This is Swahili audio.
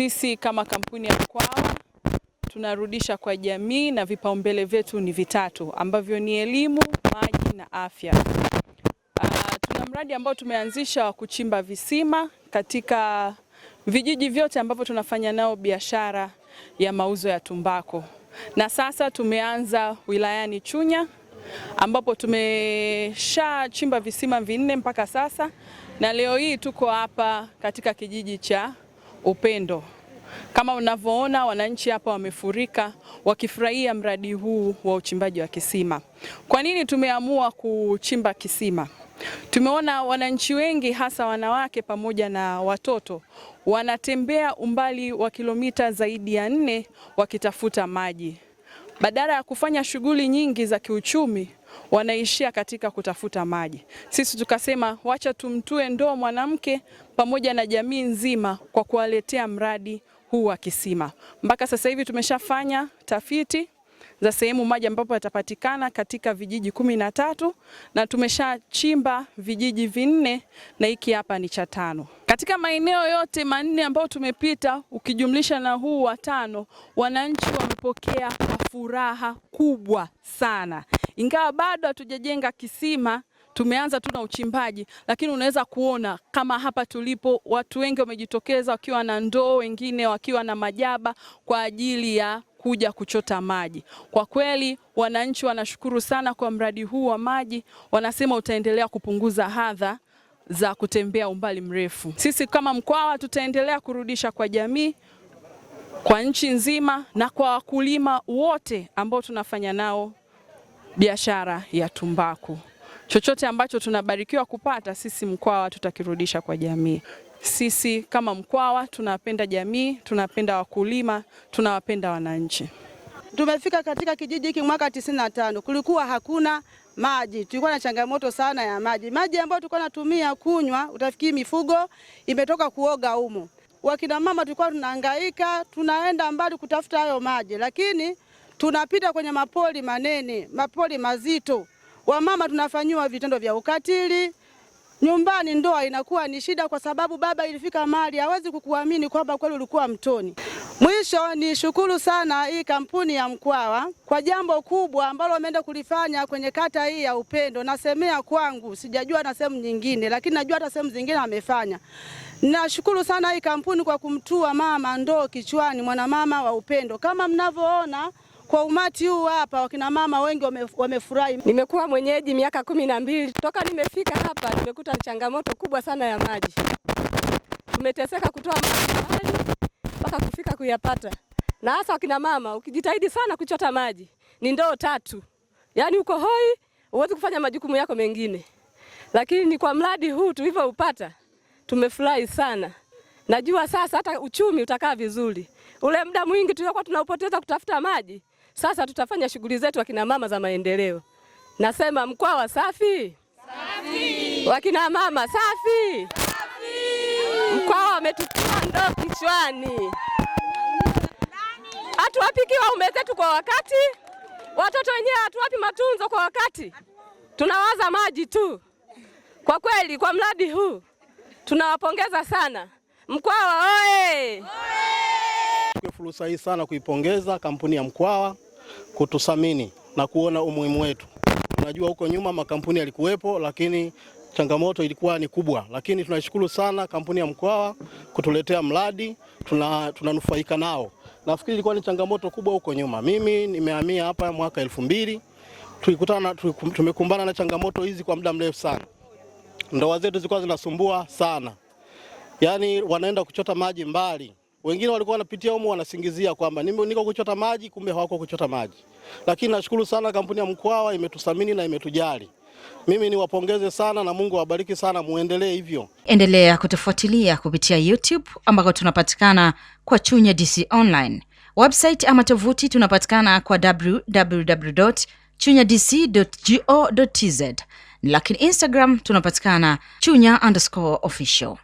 Sisi kama kampuni ya Mkwawa tunarudisha kwa jamii na vipaumbele vyetu ni vitatu ambavyo ni elimu, maji na afya. Aa, ah, tuna mradi ambao tumeanzisha wa kuchimba visima katika vijiji vyote ambavyo tunafanya nao biashara ya mauzo ya tumbako, na sasa tumeanza wilayani Chunya ambapo tumeshachimba visima vinne mpaka sasa, na leo hii tuko hapa katika kijiji cha upendo. Kama unavyoona wananchi hapa wamefurika wakifurahia mradi huu wa uchimbaji wa kisima. Kwa nini tumeamua kuchimba kisima? Tumeona wananchi wengi hasa wanawake pamoja na watoto wanatembea umbali wa kilomita zaidi ya nne wakitafuta maji. Badala ya kufanya shughuli nyingi za kiuchumi, wanaishia katika kutafuta maji. Sisi tukasema wacha tumtue ndoo mwanamke pamoja na jamii nzima kwa kuwaletea mradi huu wa kisima. Mpaka sasa hivi tumeshafanya tafiti za sehemu maji ambapo yatapatikana katika vijiji kumi na tatu na tumeshachimba vijiji vinne na hiki hapa ni cha tano. Katika maeneo yote manne ambayo tumepita ukijumlisha na huu wa tano, wananchi wamepokea kwa furaha kubwa sana ingawa bado hatujajenga kisima, tumeanza tu na uchimbaji, lakini unaweza kuona kama hapa tulipo watu wengi wamejitokeza wakiwa na ndoo, wengine wakiwa na majaba kwa ajili ya kuja kuchota maji. Kwa kweli wananchi wanashukuru sana kwa mradi huu wa maji, wanasema utaendelea kupunguza hadha za kutembea umbali mrefu. Sisi kama Mkwawa tutaendelea kurudisha kwa jamii, kwa nchi nzima na kwa wakulima wote ambao tunafanya nao biashara ya tumbaku. Chochote ambacho tunabarikiwa kupata sisi Mkwawa tutakirudisha kwa jamii. Sisi kama Mkwawa tunapenda jamii, tunapenda wakulima, tunawapenda wananchi. Tumefika katika kijiji hiki mwaka 95, kulikuwa hakuna maji, tulikuwa na changamoto sana ya maji. Maji ambayo tulikuwa tunatumia kunywa, utafikiri mifugo imetoka kuoga humo. Wakina mama tulikuwa tunahangaika, tunaenda mbali kutafuta hayo maji, lakini tunapita kwenye mapoli manene, mapoli mazito, wamama tunafanyiwa vitendo vya ukatili nyumbani, ndoa inakuwa ni shida, kwa sababu baba ilifika mali hawezi kukuamini kwamba kweli ulikuwa mtoni. Mwisho ni shukuru sana hii kampuni ya Mkwawa kwa jambo kubwa ambalo wameenda kulifanya kwenye kata hii ya Upendo. Nasemea kwangu, sijajua na sehemu nyingine, lakini najua hata sehemu zingine amefanya. Nashukuru sana hii kampuni kwa kumtua mama ndoo kichwani, mwanamama wa Upendo. Kama mnavyoona kwa umati huu hapa wakina mama wengi wame, wamefurahi. Nimekuwa mwenyeji miaka kumi na mbili. Toka nimefika hapa nimekuta changamoto kubwa sana ya maji. Tumeteseka kutoa maji mahali mpaka kufika kuyapata, na hasa wakina mama, ukijitahidi sana kuchota maji ni ndoo tatu, yaani uko hoi, huwezi kufanya majukumu yako mengine. Lakini ni kwa mradi huu tulivyoupata, tumefurahi sana. Najua sasa hata uchumi utakaa vizuri. Ule muda mwingi tuliokuwa tunaupoteza kutafuta maji sasa tutafanya shughuli zetu akina mama za maendeleo. Nasema Mkwawa safi, safi. Wakina mama safi, safi. Mkwawa ametupia ndoo kichwani, hatuwapiki waume zetu kwa wakati, watoto wenyewe hatuwapi matunzo kwa wakati, tunawaza maji tu. Kwa kweli kwa mradi huu tunawapongeza sana Mkwawa oye, oye fursa hii sana kuipongeza kampuni ya Mkwawa kututhamini na kuona umuhimu wetu. Unajua huko nyuma makampuni yalikuwepo, lakini changamoto ilikuwa ni kubwa, lakini tunashukuru sana kampuni ya Mkwawa kutuletea mradi, tunanufaika tuna nao. Nafikiri ilikuwa ni changamoto kubwa huko nyuma. Mimi nimehamia hapa mwaka elfu mbili tulikutana, tumekumbana na changamoto hizi kwa muda mrefu sana. Ndoa zetu zilikuwa zinasumbua sana, yaani wanaenda kuchota maji mbali wengine walikuwa wanapitia humo wanasingizia kwamba niko kuchota maji, kumbe hawako kuchota maji. Lakini nashukuru sana kampuni ya Mkwawa imetuthamini na imetujali. Mimi niwapongeze sana na Mungu awabariki sana, muendelee hivyo. Endelea kutufuatilia kupitia YouTube ambako tunapatikana kwa Chunya DC Online. Website ama tovuti tunapatikana kwa www chunya dc go tz, lakini Instagram tunapatikana chunya underscore official.